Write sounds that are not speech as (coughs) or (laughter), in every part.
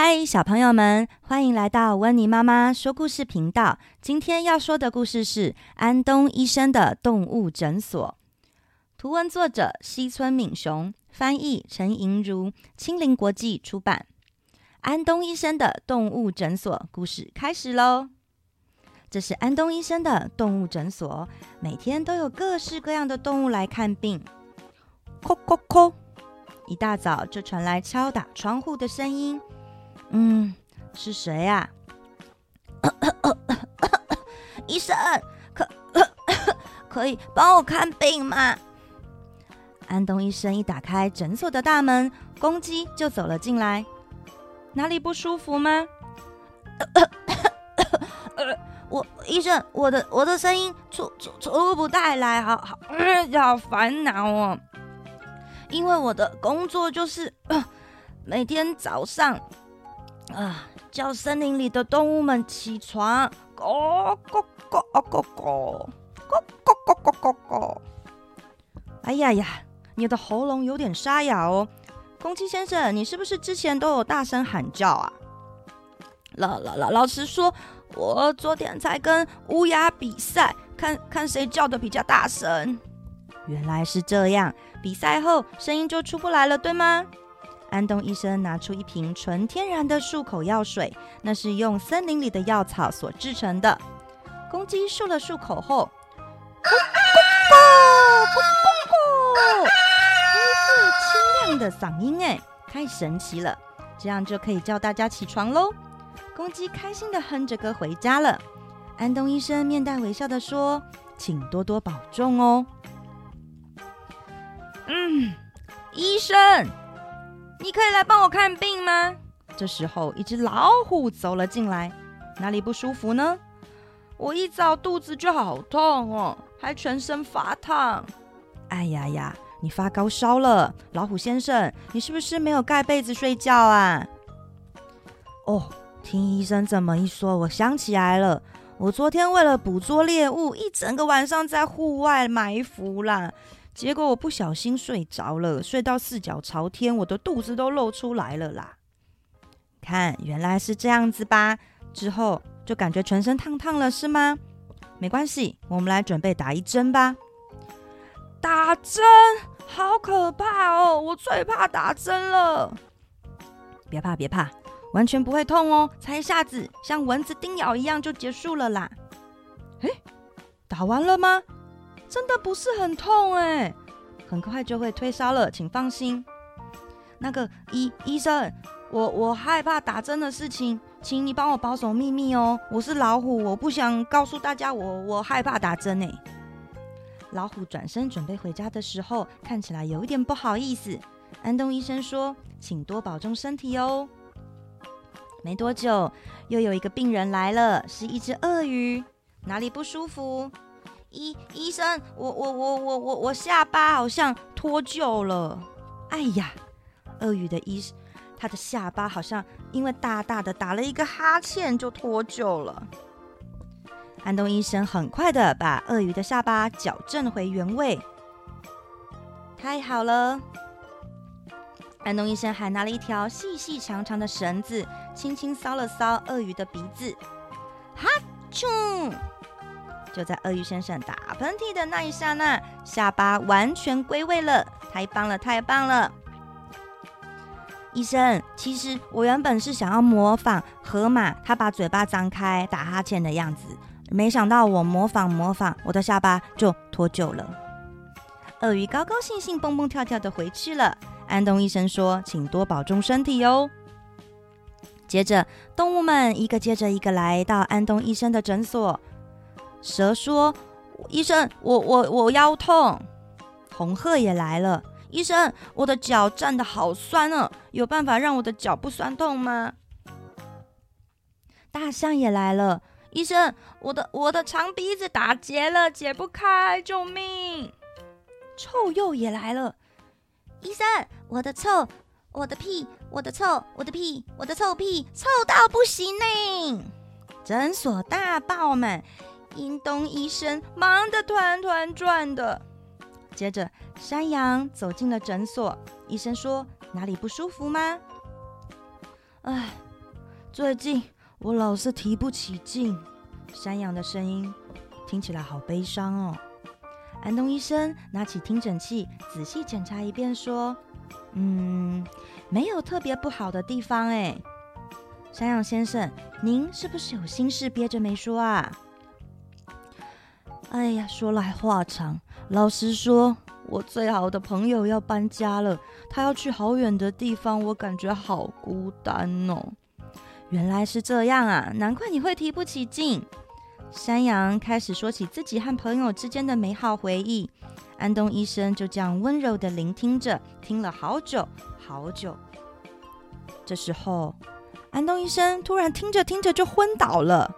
嗨，Hi, 小朋友們，歡迎來到溫妮媽媽說故事頻道。今天要說的故事是《安東醫生的動物診所》。圖文作者：西村敏雄，翻譯：陳瀅如，青林國際出版。安東醫生的動物診所故事開始嘍！這是安東醫生的動物診所，每天都有各式各樣的動物來看病。叩叩叩！一大早就傳來敲打窗戶的聲音。嗯，是誰呀？啊？ (coughs) 醫生，可可以幫我看病嗎？安東醫生一打開診所的大門，公雞就走了進來。哪裡不舒服嗎？ (coughs) 呃呃呃、我醫生，我的我的聲音出出出不帶來，好，好，嗯、好煩惱哦。因為我的工作就是、呃、每天早上。啊！叫森林裡的動物們起床！哦，咕咕，哦咕咕，咕咕咕咕咕咕！哎呀呀，你的喉嚨有點沙啞哦，公雞先生，你是不是之前都有大聲喊叫啊？老老老老實說，我昨天才跟烏鴉比賽，看看誰叫得比較大聲。原來是這樣，比賽後聲音就出不來了，對嗎？安東醫生拿出一瓶純天然的漱口藥水，那是用森林裡的藥草所制成的。公雞漱了漱口後，咕咕咕咕咕，清亮的嗓音，哎，太神奇了！這樣就可以叫大家起床嘍。公雞開心地哼着歌回家了。安東醫生面帶微笑地說：“請多多保重哦。”嗯，醫生。你可以來幫我看病嗎？這時候，一只老虎走了進來。哪裡不舒服呢？我一早肚子就好痛哦，還全身發燙。哎呀呀，你發高燒了，老虎先生，你是不是沒有蓋被子睡覺啊？哦，聽醫生這麼一說，我想起來了，我昨天為了捕捉獵物，一整個晚上在戶外埋伏啦。結果我不小心睡着了，睡到四腳朝天，我的肚子都露出來了啦！看，原來是這樣子吧？之後就感覺全身燙燙了，是嗎？沒關係，我們來準備打一針吧。打針，好可怕哦！我最怕打針了。別怕，別怕，完全不會痛哦，才一下子，像蚊子叮咬一樣就結束了啦。誒，打完了嗎？真的不是很痛哎，很快就會退燒了，請放心。那個醫醫生，我我害怕打針的事情，請你幫我保守秘密哦。我是老虎，我不想告訴大家我我害怕打針呢。老虎轉身準備回家的時候，看起來有一點不好意思。安東醫生說，請多保重身體哦。沒多久，又有一個病人來了，是一隻鱷魚，哪裡不舒服？醫醫生，我我我我我我下巴好像脫臼了。哎呀，鱷魚的醫生，他的下巴好像因為大大的打了一個哈欠，就脫臼了。安東醫生很快的把鱷魚的下巴矯正回原位。太好了。安東醫生還拿了一條細細長長的繩子，輕輕搔了搔鱷魚的鼻子。哈啾。就在鱷魚先生打噴嚏的那一剎那，下巴完全歸位了，太棒了，太棒了！醫生，其實我原本是想要模仿河馬，它把嘴巴張開打哈欠的樣子，沒想到我模仿模仿，我的下巴就脫臼了。鱷魚高高興興蹦蹦跳跳，的回去了。安東醫生說：“請多保重身體哦。”接着，動物們一個接着一個來到安東醫生的診所。蛇說：“醫生，我我我腰痛。”紅鶴也來了，醫生，我的腳站得好酸啊，有辦法讓我的腳不酸痛嗎？大象也來了，醫生，我的我的長鼻子打結了，解不開，救命！臭鼬也來了，醫生，我的臭，我的屁，我的臭，我的屁，我的臭屁臭到不行呢！診所大爆滿。安東醫生忙得團團轉的。接着，山羊走進了診所。醫生說：“哪裡不舒服嗎？”唉，最近我老是提不起勁。山羊的聲音聽起來好悲傷哦。安東醫生拿起聽診器仔細檢查一遍，說：“嗯，沒有特別不好的地方誒。”山羊先生，您是不是有心事憋着沒說啊？哎呀，說來話長。老實說，我最好的朋友要搬家了，他要去好遠的地方，我感覺好孤單哦。原來是這樣啊，難怪你會提不起勁。山羊開始說起自己和朋友之間的美好回憶，安東醫生就這樣溫柔地聆聽着，聽了好久好久。這時候，安東醫生突然聽着聽着就昏倒了。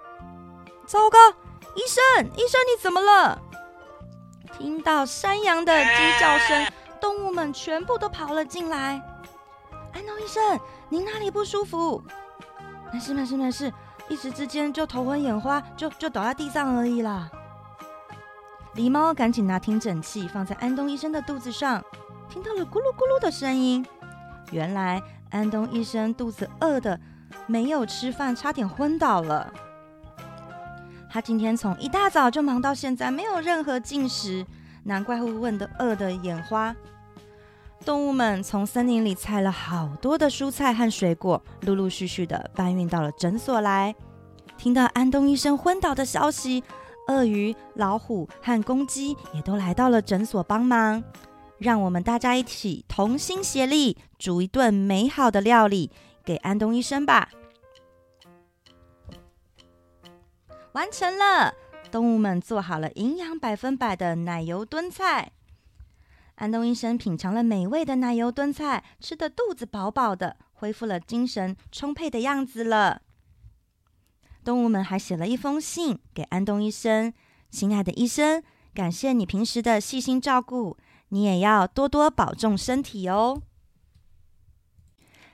糟糕！醫生，醫生，你怎麼了？聽到山羊的雞叫聲，動物們全部都跑了進來。安東醫生，您哪裡不舒服？沒事，沒事，沒事。一時之間就頭昏眼花，就就倒在地上而已啦。狸貓趕緊拿聽診器放在安東醫生的肚子上，聽到了咕嚕咕嚕的聲音。原來安東醫生肚子餓的沒有吃飯，差點昏倒了。他今天從一大早就忙到現在，沒有任何進食，難怪會昏得餓得眼花。動物們從森林裡採了好多的蔬菜和水果，陸陸續續地搬運到了診所來。聽到安東醫生昏倒的消息，鱷魚、老虎和公雞也都來到了診所幫忙。讓我們大家一起同心協力，煮一頓美好的料理給安東醫生吧。完成了，動物們做好了營養百分百的奶油燉菜。安東醫生品嚐了美味的奶油燉菜，吃得肚子飽飽的，恢復了精神充沛的樣子了。動物們還寫了一封信給安東醫生：“親愛的醫生，感謝你平時的細心照顧，你也要多多保重身體哦。”